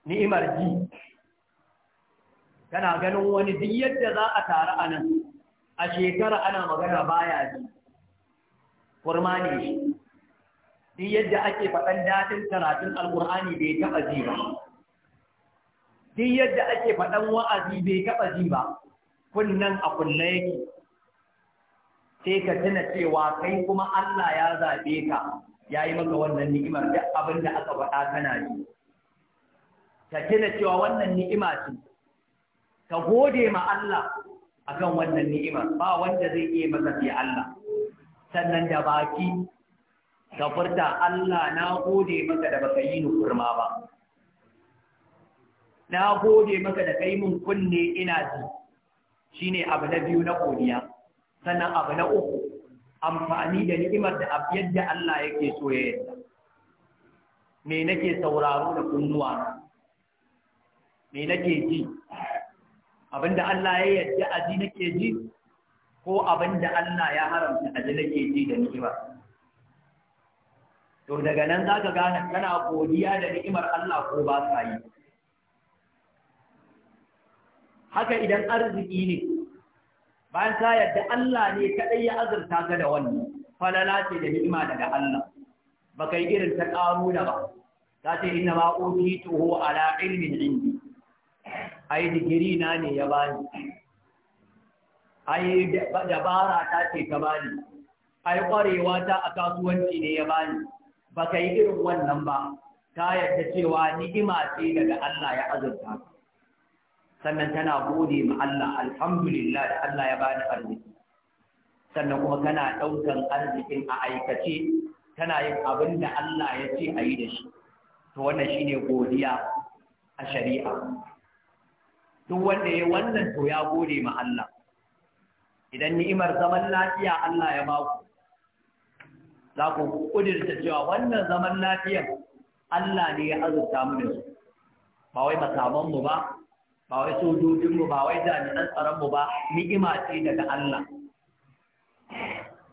ni'imar ji kana ganin wani duk yadda za a taru a nan a shekara ana magana baya ji kurma ne shi duk yadda ake faɗan daɗin karatun alƙur'ani bai taɓa ji ba duk yadda ake faɗan wa'azi bai taɓa ji ba kunnan a kulle yake sai ka tuna cewa kai kuma Allah ya zaɓe ka ya yi maka wannan ni'imar duk abin da aka faɗa kana ji ka tuna cewa wannan ni'ima ce ka gode ma Allah a kan wannan ni'imar ba wanda zai iya maka Allah sannan da baki ka furta Allah na gode maka da baka yi ni kurma ba na gode maka da kai mun kunne ina ji ne abu na biyu na godiya sannan abu na uku amfani da ni'imar da abu yadda Allah yake so ya yadda me nake sauraro da kunnuwa me nake ji abinda Allah ya yarda ji nake ji ko abinda Allah ya haramta a ji nake ji da ni'ima to daga nan za ka gane kana godiya da ni'imar Allah ko ba ka yi haka idan arziki ne bayan ka yarda Allah ne kaɗai ya azurta ka da wannan falala ce da ni'ima daga Allah baka yi irin ta ƙaru da ba ta ce ina ma tuho ala ilmin indi ai digiri na ne ya bani ai dabara ta ce ta bani ai kwarewa ta a kasuwanci ne ya bani ba ka yi irin wannan ba ta yadda cewa ni'ima ce daga Allah ya azurta sannan tana gode ma Allah alhamdulillah da Allah ya bani arziki sannan kuma kana ɗaukan arzikin a aikace kana yin abin da Allah ya ce a yi da shi to wannan shine godiya a shari'a duk wanda ya wannan to ya gode ma Allah idan ni'imar zaman lafiya Allah ya baku za ku kudirta cewa wannan zaman lafiyar Allah ne ya azurta mu da su ba wai makaman mu ba ba wai sojojin mu ba wai jami'an tsaron mu ba ni'ima ce daga Allah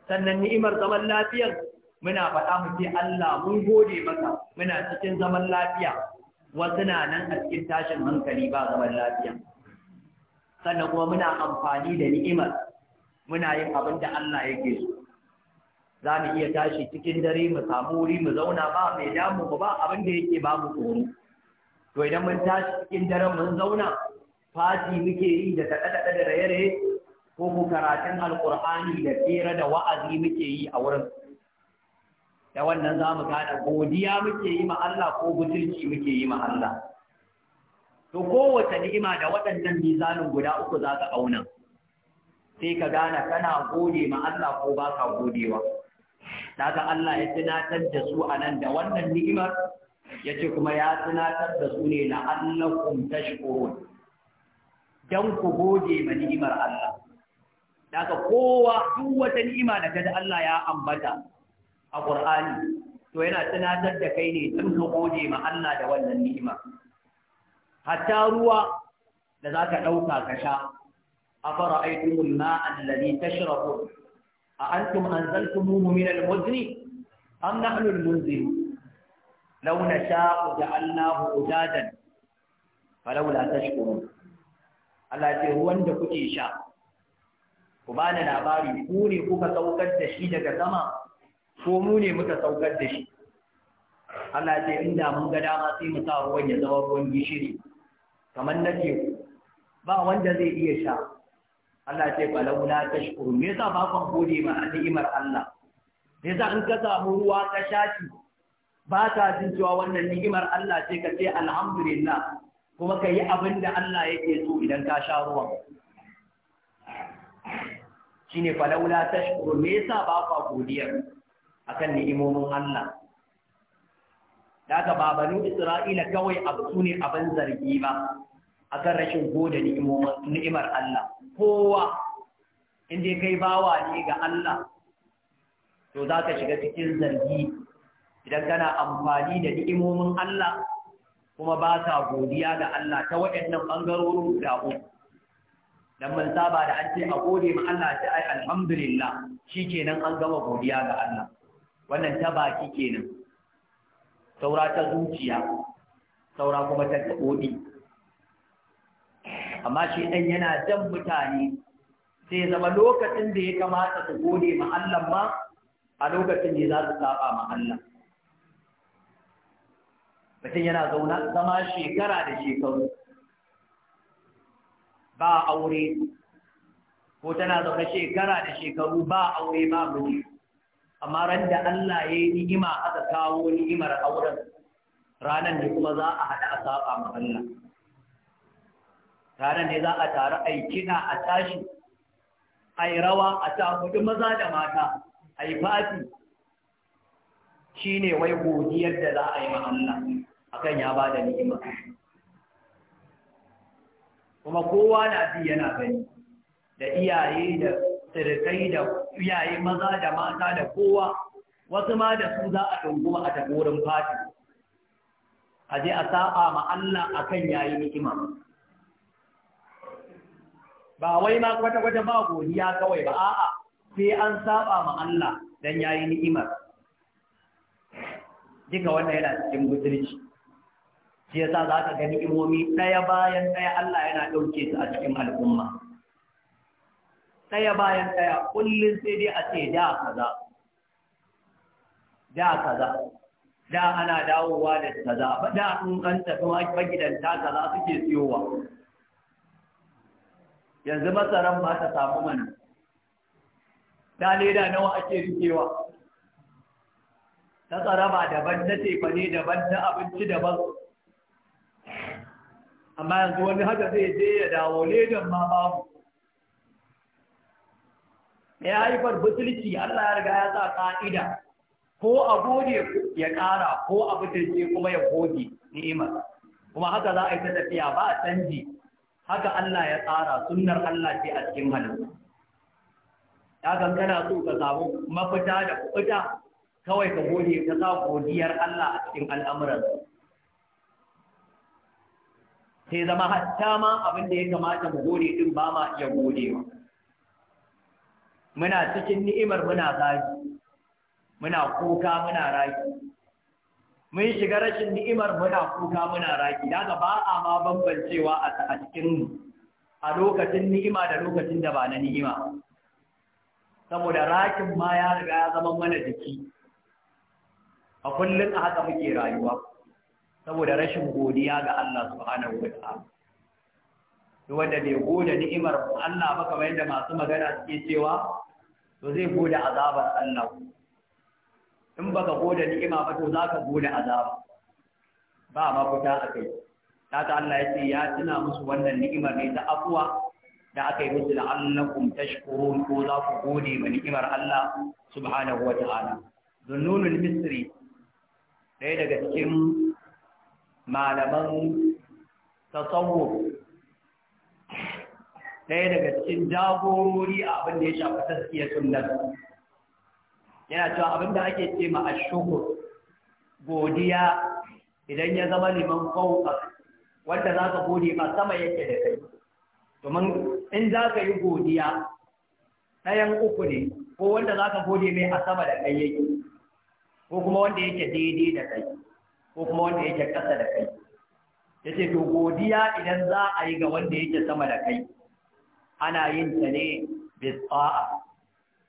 sannan ni'imar zaman lafiyar muna faɗa mu ce Allah mun gode maka muna cikin zaman lafiya wasu na nan a cikin tashin hankali ba zaman lafiya sannan kuma muna amfani da ni'imar muna yin abin da Allah yake so za mu iya tashi cikin dare mu samu wuri mu zauna ba mai damu mu ba abin da yake ba mu tsoro to idan mun tashi cikin dare mun zauna fati muke yi da kaɗe da raye-raye ko karatun alƙur'ani da tsere da wa'azi muke yi a wurin da wannan za mu gane godiya muke yi ma Allah ko butulci muke yi ma Allah to kowace ni'ima da waɗannan mizanin guda uku za ka auna sai ka gane kana gode ma Allah ko ba ka godewa ga Allah ya tunatar da su a nan da wannan ni'imar ya ce kuma ya tunatar da su ne na Allahkum tashkurun dan ku gode ma ni'imar Allah daga kowa duk wata ni'ima da ta Allah ya ambata a ƙur'ani to yana tunatar da kai ne tun gode ma Allah da wannan ni'ima hatta ruwa da zaka ɗauka ka sha afara aitum al-ma'a alladhi tashrabu a antum anzaltumuhu min al-muzni am nahnu al-munzil law nasha'u ja'alnahu ujadan falawla tashkurun Allah ce ruwan da kuke sha ku bani labari ku ne kuka saukar da shi daga sama ko mu ne muka saukar da shi Allah ce inda mun ga dama sai mu sa ruwan ya zama ruwan gishiri kamar na teku ba wanda zai iya sha Allah ce ba ta shukuru me yasa ba kan gode ma ni'imar Allah me yasa in ka samu ruwa ka shi ba ta jin cewa wannan ni'imar Allah ce ka ce alhamdulillah kuma ka yi abin da Allah yake so idan ka sha ruwan shine laula tashkuru me yasa ba ka godiya akan ni'imomin Allah daga babanu Isra'ila kawai a su ne abin zargi ba akan rashin goda ni'imar Allah kowa inda kai bawa ne ga Allah to za ka shiga cikin zargi idan kana amfani da ni'imomin Allah kuma ba ta godiya ga Allah ta waɗannan ɓangarorin guda uku dan mun saba da an ce a gode ma Allah ta ai alhamdulillah shikenan an gama godiya ga Allah wannan ta baki kenan saura ta zuciya saura kuma ta gaɓoɗi amma shi ɗan yana jan mutane sai zama lokacin da ya kamata su gode ma Allah ma a lokacin ne za su saba ma Allah mutum yana zauna zama shekara da shekaru ba aure ko tana zaune shekara da shekaru ba aure ba miji amma ran da Allah ya yi ni'ima aka kawo ni'imar auren ranar ne kuma za a haɗa a saba ma Allah ranar ne za a taru a yi a tashi a yi rawa a hudu maza da mata a yi fati shi ne wai godiyar da za a yi ma Allah akan ya ba da ni'ima kuma kowa na ji yana gani da iyaye da sirkai da iyaye maza da mata da kowa wasu ma da su za a ɗunguma a tafi fati a je a sa'a ma Allah a kan yayi ni'ima ba wai ma kwata-kwata ba godiya kawai ba a'a sai an sa'a ma Allah dan yayi niima duka wannan yana cikin mutunci shi yasa za ka ga ni'imomi ɗaya bayan ɗaya Allah yana ɗauke su a cikin al'umma ɗaya bayan ɗaya kullum sai dai a ce da kaza da kaza da ana dawowa da kaza ba da in an tafi magidanta kaza suke siyowa yanzu masaran ba ta samu mana da leda nawa ake rikewa ta tsaraba daban na ne daban na abinci daban amma yanzu wani haka zai je ya dawo ledan ma babu ya haifar butulci Allah ya riga ya sa ka'ida ko a gode ya ƙara ko a butulce kuma ya gode ni'imar kuma haka za a yi ta tafiya ba a canji haka Allah ya tsara sunnar Allah ce a cikin halin ya kankana so ka samu mafita da kuɓuta kawai ka gode ka sa godiyar Allah a cikin al'amuran sai zama hatta ma abin da ya kamata mu gode din ba ma iya gode ba. muna cikin ni'imar muna zagi muna kuka muna raki mun shiga rashin ni'imar muna kuka muna raki daga ba a ma bambancewa a cikin a lokacin ni'ima da lokacin da ba na ni'ima saboda rakin ma ya riga ya zama mana jiki a kullum a haka muke rayuwa saboda rashin godiya ga Allah subhanahu wa ta'ala wanda bai gode ni'imar Allah ba kamar yadda masu magana suke cewa to zai goda azabar Allah in baka gode ni'ima ba to zaka goda azaba ba ma fita akai ta ta Allah yace ya tuna musu wannan ni'imar ne ta afuwa, da aka yi musu la'allakum tashkurun ko za ku gode ma ni'imar Allah subhanahu wa ta'ala zunnunul misri ɗaya daga cikin malaman tasawuf ɗaya daga cikin jagorori a abin da ya shafi taskiya sunnar yana cewa abin da ake ce ma a ashukur godiya idan ya zama liman kawuka wanda za ka gode ma sama yake da kai domin in za ka yi godiya ɗayan uku ne ko wanda za ka gode mai a sama da kai yake ko kuma wanda yake daidai da kai ko kuma wanda yake ƙasa da kai ya ce to godiya idan za a yi ga wanda yake sama da kai ana yin ta ne tsa'a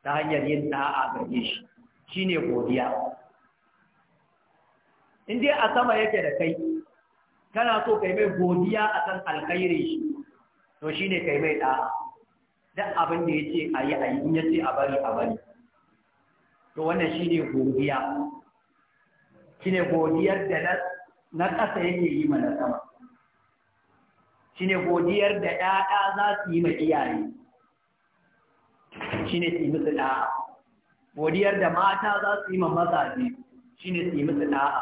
ta hanyar yin ta'a ga shi shine godiya in dai a sama yake da kai kana so kai mai godiya akan alkhairi shi to shine kai mai da'a duk abin da ya ce a yi a yi, in yace a bari a bari to wannan shine godiya shine godiyar da na ƙasa yake yi mana sama shine godiyar da 'ya'ya za su yi ma iyaye shine su yi musu ɗa'a godiyar da mata za su yi ma shi shine su yi musu ɗa'a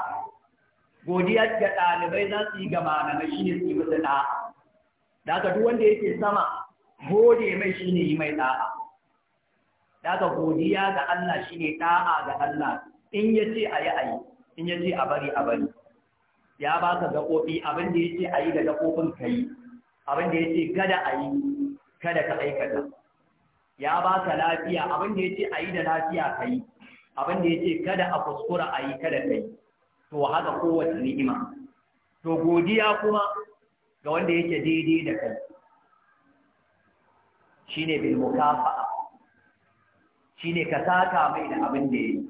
godiyar da ɗalibai za su yi mai shi ne su yi musu ɗa'a da duk wanda yake sama gode mai shine yi mai ɗa'a da haka godiya ga Allah shi ne ɗa'a ga Allah in yace a yi a yi in yace a bari a bari ya ba ka gaɓoɓi abin da yake a yi da gaɓoɓin ka yi abin da ce kada a yi kada ka aikata ya baka lafiya abin da ce a yi da lafiya ka yi abin da ce kada a kuskura a yi kada ka yi to haka kowace ni'ima to godiya kuma ga wanda yake daidai da kai shi ne bil mukafa'a shine ka saka mai da abin da ya yi.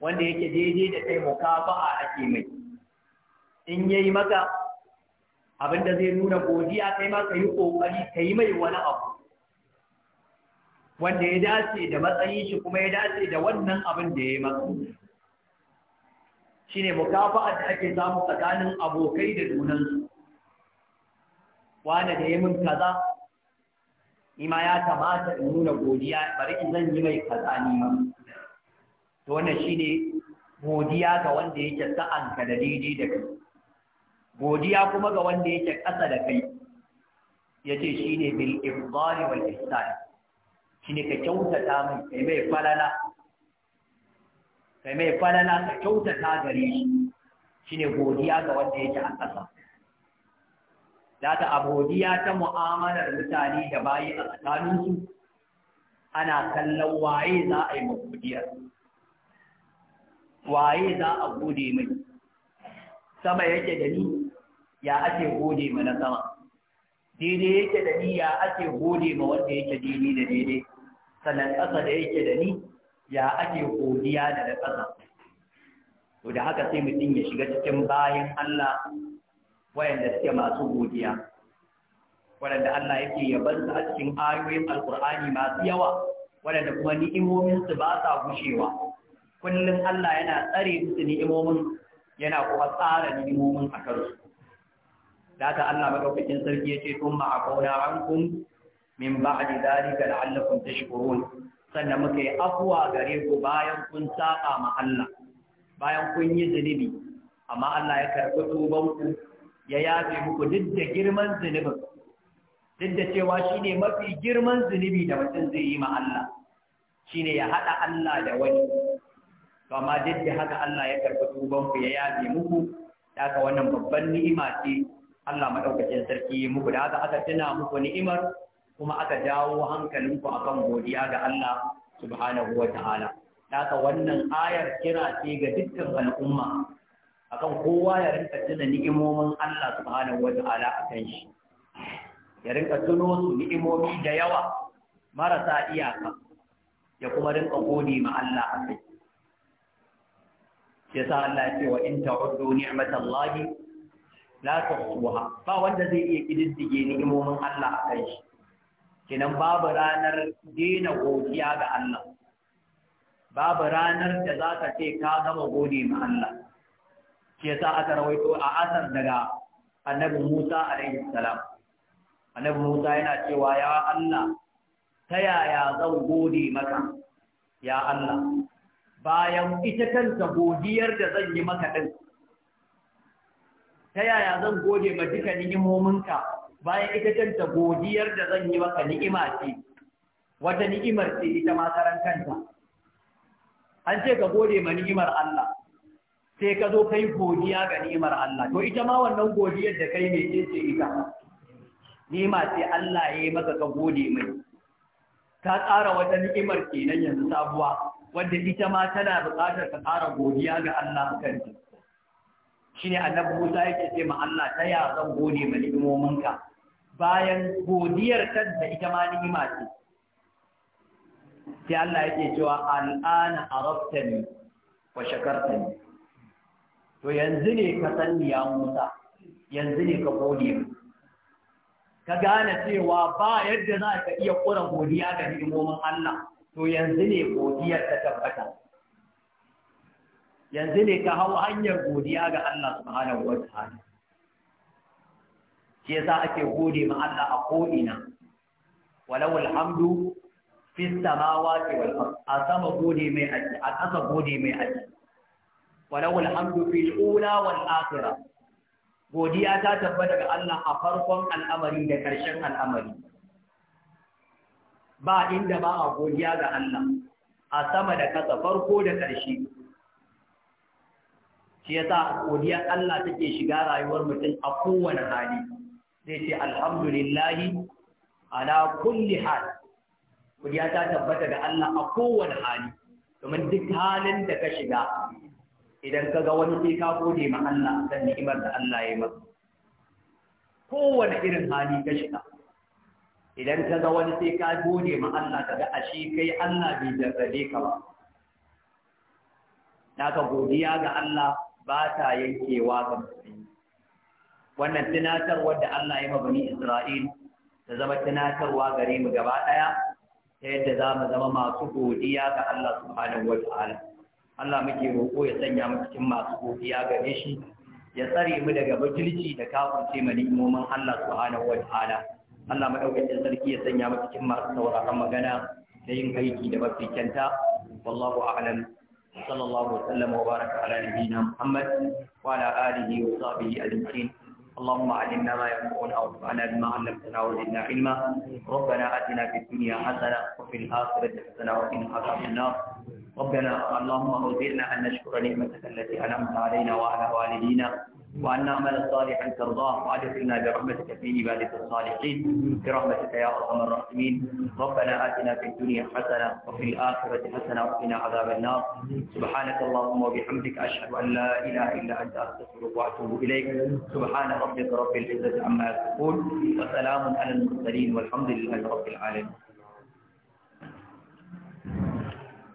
wanda yake daidai da kai mukafa'a ake mai in yayi maka Abin da zai nuna godiya sai ma ka yi ƙoƙari ka yi mai wani abu wanda ya dace da matsayin shi kuma ya dace da wannan abin da ya yi maka shine mukafa'a da ake samu tsakanin abokai da dunansu. wanda da ya min kaza ima ya kamata in nuna godiya bari in zan yi mai kaza ni ma to wannan shine godiya ga wanda yake sa'anka da daidai da kai godiya kuma ga wanda yake ƙasa da kai yace shine bil ifdal wal ihsan shine ka kyautata mai kai mai falala kai mai falala ka kyautata gare shi shine godiya ga wanda yake a ƙasa ta a godiya ta mu'amalar mutane da bayi a tsakaninsu ana kallon waye za a yi magudiyar waye za a gode mai sama yake da ni ya ake gode ma na sama daidai yake da ni ya ake gode ma wanda yake daidai da daidai sannan ƙasa da yake da ni ya ake godiya da na ƙasa to da haka sai mutum ya shiga cikin bayan Allah wayanda suke masu godiya Wadanda Allah yake su a cikin ayoyin alkur'ani masu yawa wadanda kuma ni'imominsu ba sa gushewa kullum Allah yana tsare musu ni'imomin yana kuma tsara ni'imomin a kansu da ta Allah madaukakin sarki yace thumma aquna ankum min ba'di dhalika la'allakum tashkurun sannan muka yi afwa gare ku bayan kun saba ma Allah bayan kun yi zunubi amma Allah ya karɓi tuban ku ya yafe muku duk da girman zunubin duk da cewa shine mafi girman zunubi da mutum zai yi ma Allah shine ya haɗa Allah da wani to amma duk da haka Allah ya karɓi tuban ku ya yafe muku haka wannan babban ni'ima ce Allah madaukakin sarki muku da haka aka tuna muku ni'imar kuma aka jawo hankalinku akan godiya ga Allah subhanahu wa ta'ala haka wannan ayar kira ce ga dukkan al'umma akan kowa ya rinka tuna ni'imomin Allah subhanahu wa ta'ala kan shi ya rinka tuno su ni'imomi da yawa marasa iyaka ya kuma rinka gode ma Allah a kai. Sai sa Allah ya ce wa in ta'uddu ni'matallahi la kuwa ba wanda zai iya kididdige ni'imomin Allah a kai shi kenan babu ranar dina godiya ga Allah babu ranar da za ka ce ka gama gode ma Allah ke sa aka rawaito a asar daga annabi Musa alaihi salam annabi Musa yana cewa ya Allah ta yaya zan gode maka ya Allah bayan ita kanta godiyar da zan yi maka ɗin ta yaya zan gode ma duka ni'imominka bayan ita kanta godiyar da zan yi maka ni'ima ce wata ni'imar ce ita ma karan kanta an ce ka gode ma ni'imar Allah sai ka zo kai godiya ga ni'imar Allah to ita ma wannan godiyar da kai mai ce ita ni'ima ce Allah ya yi maka ka gode mai ta tsara wata ni'imar kenan yanzu sabuwa wanda ita ma tana buƙatar ka tsara godiya ga Allah kanta shine annabi Musa yake ce ma Allah ta ya zan gode ma ni'imominka bayan godiyar ta da ita ma ni'ima ce sai Allah yake cewa al'ana araftani wa shakartani to yanzu ne ka sanni ya Musa yanzu ne ka gode ka gane cewa ba yadda za ka iya kura godiya ga ni'imomin Allah to yanzu ne godiyar ta tabbata yanzu ne ka hau hanyar godiya ga Allah subhanahu wa ta'ala shi yasa ake gode ma Allah a ko'ina walau alhamdu fi samawati wal ard a sama gode mai aji a ƙasa gode mai aji walau alhamdu fil ula wal akhirah godiya ta tabbata ga Allah a farkon al'amari da ƙarshen al'amari ba inda ba a godiya ga Allah a sama da ƙasa farko da ƙarshe shi yasa godiyar Allah take shiga rayuwar mutum a kowane hali zai ce alhamdulillahi ala kulli hal godiya ta tabbata ga Allah a kowane hali domin duk halin da ka shiga idan ka ga wani sai ka gode ma Allah dan ni'imar da Allah ya yi maka kowane irin hali ka shiga idan ka ga wani sai ka gode ma Allah ka ga ashe kai Allah bai jarrabe ka ba naka godiya ga Allah ba ta yankewa ga musulmi wannan tunatarwar da Allah ya mabani Isra'il ta zama tunatarwa gare mu gaba ɗaya ta yadda za mu zama masu godiya ga Allah subhanahu wata'ala Allah muke roƙo ya sanya mu cikin masu godiya gare shi ya tsare mu daga butulci da kafirce mu ni'imomin Allah subhanahu wata'ala Allah madaukakin sarki ya sanya mu cikin masu sauraron magana da yin aiki da mafi kyanta wallahu a'lam صلى الله وسلم وبارك على نبينا محمد وعلى آله وصحبه أجمعين اللهم علمنا ما ينفعنا وانفعنا بما علمتنا وزدنا علما ربنا آتنا في الدنيا حسنة وفي الآخرة حسنة وقنا عذاب النار ربنا اللهم أوزعنا أن نشكر نعمتك التي أنعمت علينا وعلى والدينا وأن نعمل صالحا ترضاه وأدخلنا برحمتك في عبادك الصالحين برحمتك يا أرحم الراحمين ربنا آتنا في الدنيا حسنة وفي الآخرة حسنة وقنا عذاب النار سبحانك اللهم وبحمدك أشهد أن لا إله إلا أنت أستغفرك وأتوب إليك سبحان ربك رب العزة عما يصفون وسلام على المرسلين والحمد لله رب العالمين